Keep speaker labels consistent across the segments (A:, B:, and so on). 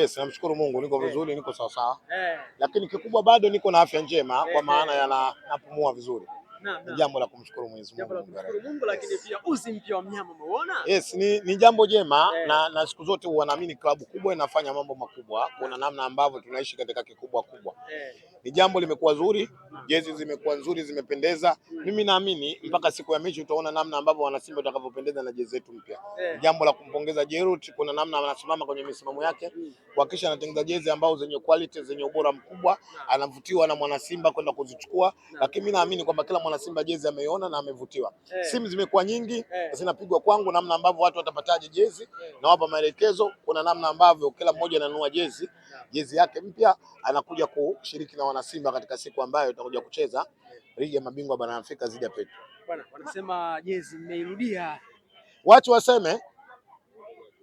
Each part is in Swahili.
A: Yes, namshukuru Mungu niko eh. vizuri, niko sawa sawa, eh. lakini kikubwa bado niko na afya njema, kwa eh, maana yana napumua vizuri ni jambo la kumshukuru Mwenyezi
B: Mungu, lakini pia uzi mpya wa mnyama umeona?
A: Yes, ni, ni jambo jema Na, na siku zote huwa naamini klabu kubwa inafanya mambo makubwa, kuna namna ambavyo tunaishi katika kikubwa kubwa Ni jambo limekuwa zuri Jezi zimekuwa nzuri, zimependeza. Mimi naamini mpaka siku ya mechi utaona namna ambavyo wanasimba watakavyopendeza na jezi zetu mpya. Jambo la kumpongeza Jerut, kuna namna anasimama kwenye misimamo yake kuhakikisha anatengeneza jezi ambao zenye quality, zenye ubora mkubwa, anavutiwa na mwanasimba kwenda kuzichukua, lakini mimi naamini kwamba kila mwanasimba jezi ameiona na amevutiwa. Simu zimekuwa nyingi zinapigwa kwangu, namna ambavyo watu watapataje jezi, na wapa maelekezo, kuna namna ambavyo kila mmoja ananua jezi jezi yake mpya, anakuja kushiriki na wanasimba katika siku ambayo itakuja kucheza ligi ya mabingwa bara Afrika zidi ya Petro.
B: Bwana wanasema jezi mmeirudia,
A: watu waseme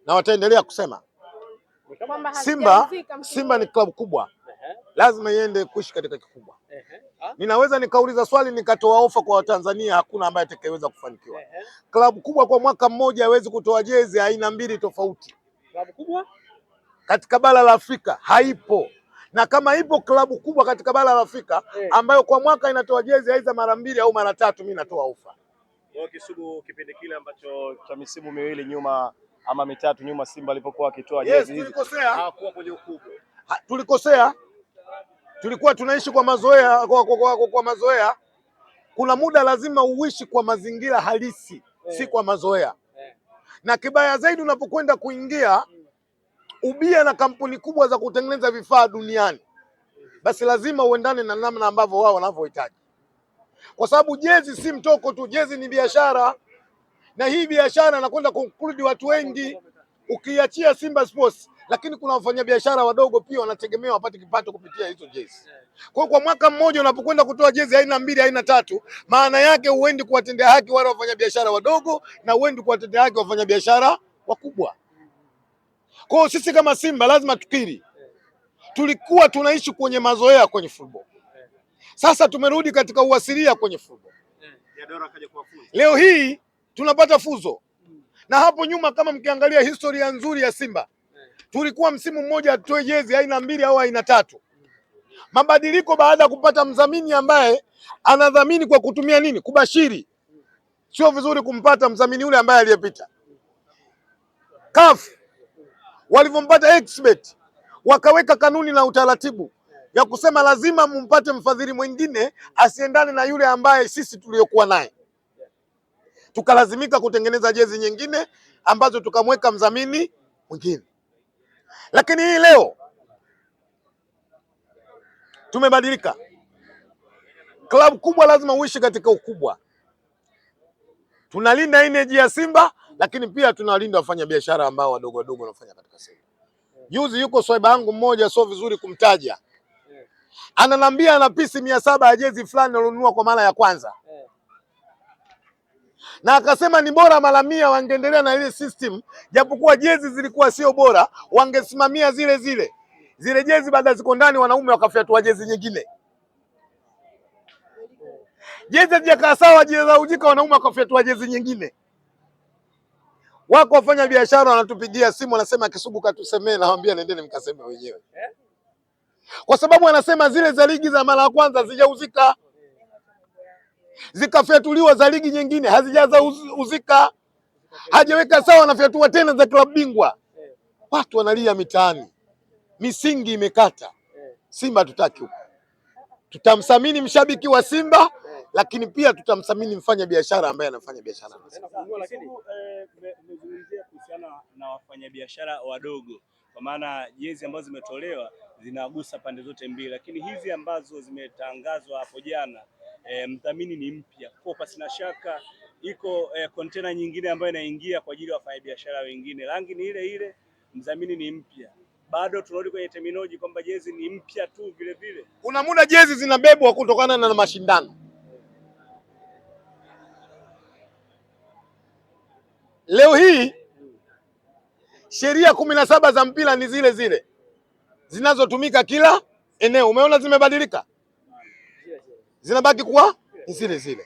A: na wataendelea kusema Simba, Simba ni klabu kubwa, lazima iende kuishi katika kikubwa. Ah. Ninaweza nikauliza swali nikatoa ofa kwa Watanzania, hakuna ambaye atakayeweza kufanikiwa. Klabu kubwa kwa mwaka mmoja hawezi kutoa jezi aina mbili tofauti. Klabu kubwa katika bara la Afrika haipo, na kama ipo klabu kubwa katika bara la Afrika eh. ambayo kwa mwaka inatoa jezi aidha mara mbili au mara tatu, mimi natoa ofa.
C: Kisugu kipindi kile ambacho cha misimu miwili nyuma ama mitatu nyuma Simba alipokuwa akitoa jezi hizi, hakuwa kwenye ukubwa,
A: tulikosea, tulikuwa tunaishi kwa mazoea kwa, kwa, kwa, kwa mazoea. Kuna muda lazima uishi kwa mazingira halisi, si eh. kwa mazoea, eh. na kibaya zaidi unapokwenda kuingia ubia na kampuni kubwa za kutengeneza vifaa duniani, basi lazima uendane na namna ambavyo wao wanavyohitaji, kwa sababu jezi si mtoko tu, jezi ni biashara, na hii biashara nakwenda kuinkludi watu wengi, ukiachia Simba Sports lakini kuna wafanyabiashara wadogo pia wanategemea wapate kipato kupitia hizo jezi. Kwa hiyo kwa mwaka mmoja unapokwenda kutoa jezi aina mbili aina tatu, maana yake huendi kuwatendea haki wale wafanyabiashara wadogo na huendi kuwatendea haki wafanyabiashara wakubwa. Kwa hiyo sisi kama Simba lazima tukiri, tulikuwa tunaishi kwenye mazoea kwenye football, sasa tumerudi katika uasilia kwenye football. Leo hii tunapata fuzo, na hapo nyuma kama mkiangalia historia nzuri ya Simba tulikuwa msimu mmoja hatutoe jezi aina mbili au aina tatu. Mabadiliko baada ya kupata mdhamini ambaye anadhamini kwa kutumia nini, kubashiri. Sio vizuri kumpata mdhamini yule ambaye aliyepita. kafu walivyompata Xbet wakaweka kanuni na utaratibu ya kusema lazima mumpate mfadhili mwingine asiendane na yule ambaye sisi tuliyokuwa naye, tukalazimika kutengeneza jezi nyingine ambazo tukamweka mdhamini mwingine. Lakini hii leo tumebadilika. Klabu kubwa lazima uishi katika ukubwa. Tunalinda ineji ya Simba lakini pia tunawalinda wafanya biashara ambao wadogo wadogo wanafanya katika sekta. Juzi yuko swaiba yangu mmoja, sio vizuri kumtaja, ananambia ana pisi mia saba ya jezi fulani alionunua kwa mara ya kwanza, na akasema ni bora mara mia wangeendelea na ile system, japokuwa jezi zilikuwa sio bora, wangesimamia zile zile zile jezi. Baada ziko ndani, wanaume wakafyatua jezi nyingine jezi hazijakaa sawa, hazijazaujika, wanaume wakafyatua jezi nyingine wako wafanya biashara wanatupigia simu, wanasema Kisugu katusemee. Nawaambia nendeni mkaseme wenyewe, kwa sababu anasema zile za ligi za mara ya kwanza hazijauzika, zikafyatuliwa za ligi nyingine hazijaza uzika, hajaweka sawa, anafyatua tena za klabu bingwa. Watu wanalia mitaani, misingi imekata. Simba tutaki huko, tutamthamini mshabiki wa Simba lakini pia tutamthamini mfanya biashara ambaye anafanya biashara.
C: Lakini mmezungumzia eh, kuhusiana na wafanyabiashara wadogo, kwa maana jezi ambazo zimetolewa zinagusa pande zote mbili, lakini hizi ambazo zimetangazwa hapo jana e, eh, mdhamini ni mpya Kopas na shaka iko kontena eh, e, nyingine ambayo inaingia kwa ajili ya wafanyabiashara wengine, rangi ni ile ile, mdhamini ni mpya bado tunarudi kwenye terminology kwamba jezi ni mpya tu. Vile vile
A: kuna muda jezi zinabebwa kutokana na mashindano. Leo hii sheria kumi na saba za mpira ni zile zile zinazotumika kila eneo. Umeona zimebadilika, zinabaki kuwa ni zile zile.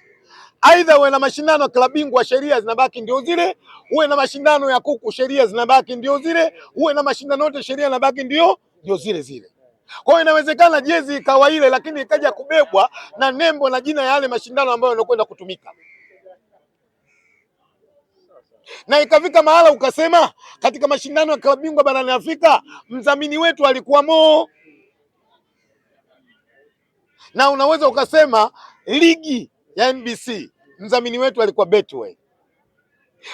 A: Aidha, uwe na mashindano ya klabu bingwa, sheria zinabaki ndio zile. Uwe na mashindano ya kuku, sheria zinabaki ndio zile. Uwe na mashindano yote, sheria zinabaki ndio ndio zile zile. Kwa hiyo inawezekana jezi ikawa ile, lakini ikaja kubebwa na nembo na jina ya yale mashindano ambayo yanakwenda kutumika na ikafika mahala ukasema katika mashindano ya klabu bingwa barani Afrika mdhamini wetu alikuwa Mo, na unaweza ukasema ligi ya NBC mdhamini wetu alikuwa Betway.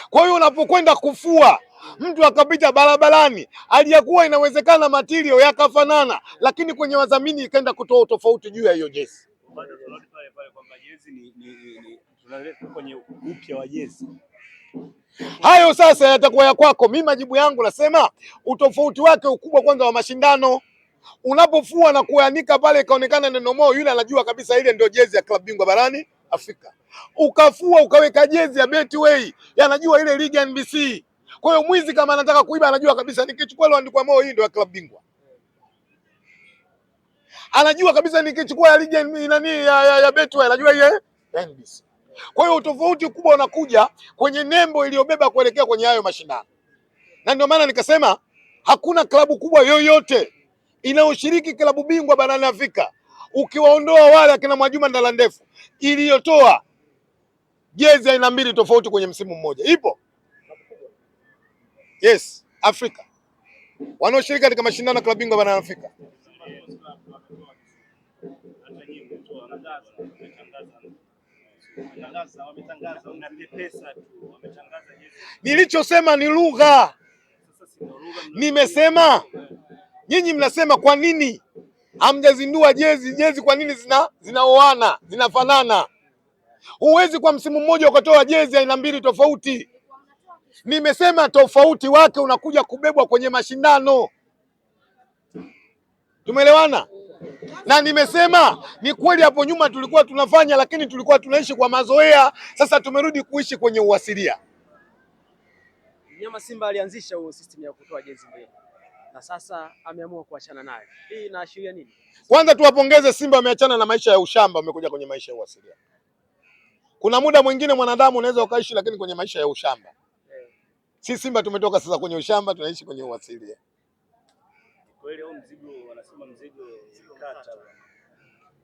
A: Kwa hiyo unapokwenda kufua mtu akapita barabarani, aliyakuwa inawezekana matirio yakafanana, lakini kwenye wadhamini ikaenda kutoa utofauti juu ya hiyo jezi.
C: Bado tunarudi pale pale kwamba jezi ni, ni, ni, tunarudi kwenye upya wa jezi
A: Hayo sasa yatakuwa ya kwako. Mimi majibu yangu nasema utofauti wake ukubwa kwanza wa mashindano unapofua na kuanika pale ikaonekana neno moo, yule anajua kabisa ile ndio jezi ya klabu bingwa barani Afrika. Ukafua ukaweka jezi ya Betway, yanajua ile ligi NBC. Kwa hiyo mwizi kama anataka kuiba, anajua kabisa nikichukua ile andiko moo, hii ndio ya klabu bingwa. Anajua kabisa nikichukua ya ligi nani ya, ya, ya Betway, anajua ile NBC. Kwa hiyo utofauti kubwa unakuja kwenye nembo iliyobeba kuelekea kwenye hayo mashindano, na ndio maana nikasema hakuna klabu kubwa yoyote inayoshiriki klabu bingwa barani Afrika ukiwaondoa wale akina Mwajuma Ndala Ndefu iliyotoa jezi aina mbili tofauti kwenye msimu mmoja. Ipo yes, Afrika wanaoshiriki katika mashindano ya klabu bingwa barani Afrika Nilichosema ni lugha, nimesema nyinyi mnasema kwa nini hamjazindua jezi? Jezi kwa nini zina zinaoana zinafanana? Huwezi kwa msimu mmoja ukatoa jezi aina mbili tofauti. Nimesema tofauti wake unakuja kubebwa kwenye mashindano. Tumeelewana? na nimesema ni kweli, hapo nyuma tulikuwa tunafanya, lakini tulikuwa tunaishi kwa mazoea. Sasa tumerudi kuishi kwenye uasilia.
B: Mnyama Simba alianzisha huo system ya kutoa jezi mbili na sasa ameamua kuachana nayo. Hii inaashiria nini?
A: Kwanza tuwapongeze Simba, ameachana na maisha ya ushamba, amekuja kwenye maisha ya uasilia. Kuna muda mwingine mwanadamu unaweza ukaishi, lakini kwenye maisha ya ushamba. Eh. Si Simba tumetoka sasa kwenye ushamba, tunaishi kwenye uasilia
C: kweli au mzigo? Wanasema mzigo umekata.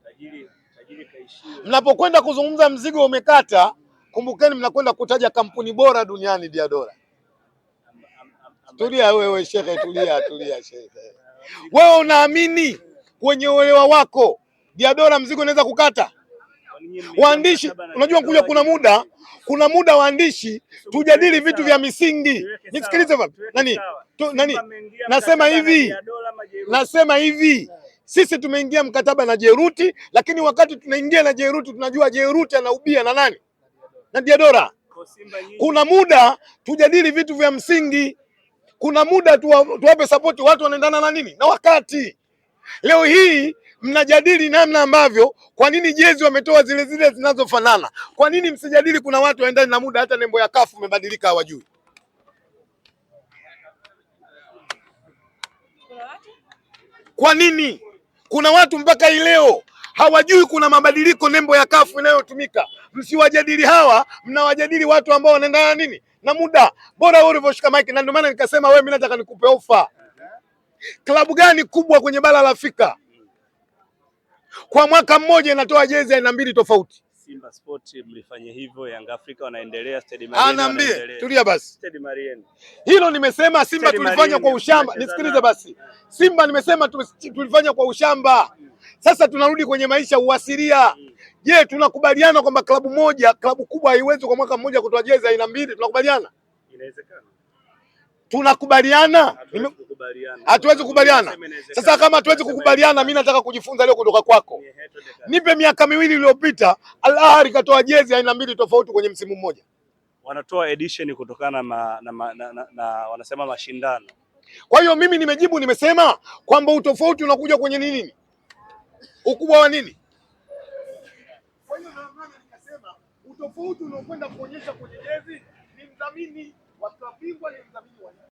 C: Tajiri, tajiri kaishiwe.
A: Mnapokwenda kuzungumza mzigo umekata, kumbukeni mnakwenda kutaja kampuni bora duniani Diadora. Tulia wewe shekhe, tulia tulia shekhe. Wewe unaamini kwenye uelewa wako Diadora mzigo unaweza kukata? Waandishi, unajua kuja, kuna muda, kuna muda waandishi tujadili vitu vya misingi. Nisikilize nani, tu, nani nasema hivi Nasema hivi sisi tumeingia mkataba na Jeruti, lakini wakati tunaingia na Jeruti tunajua Jeruti anaubia na nani na Diadora. Kuna muda tujadili vitu vya msingi, kuna muda tuwape sapoti watu wanaendana na nini na wakati. Leo hii mnajadili namna ambavyo, kwa nini jezi wametoa zile zile zinazofanana? Kwa nini msijadili kuna watu waendani na muda? Hata nembo ya kafu umebadilika, hawajui. Kwa nini kuna watu mpaka hii leo hawajui kuna mabadiliko nembo ya kafu inayotumika? Msiwajadili hawa, mnawajadili watu ambao wanaendana nini na muda. Bora wewe ulivyoshika mike, na ndio maana nikasema wewe, mimi nataka nikupe ofa. Klabu gani kubwa kwenye bara la Afrika kwa mwaka mmoja inatoa jezi aina mbili tofauti?
C: Simba Sport mlifanye hivyo, Yanga Afrika wanaendelea, Stade Malien
A: anaendelea. Tulia basi, Stade Malien hilo nimesema Simba Stade tulifanya Malien, kwa ushamba. Nisikilize basi, Simba nimesema tulifanya kwa ushamba. Sasa tunarudi kwenye maisha uasilia. Je, tunakubaliana kwamba klabu moja klabu kubwa haiwezi kwa mwaka mmoja kutoa jezi aina mbili? Tunakubaliana, inawezekana? tunakubaliana? Hatuwezi kukubaliana. Sasa kama hatuwezi kukubaliana, mi nataka kujifunza leo kutoka kwako. Nipe miaka miwili iliyopita, Al Ahly katoa jezi aina mbili tofauti kwenye msimu mmoja,
C: wanatoa edition kutokana na, na, na, na, na, na wanasema mashindano.
A: Kwa hiyo mimi nimejibu, nimesema kwamba utofauti unakuja kwenye nini, ukubwa wa nini utofauti unaokwenda kuonyesha kwenye jezi ni mdhamini wakiwa bingwa ni mdhamini wa ligi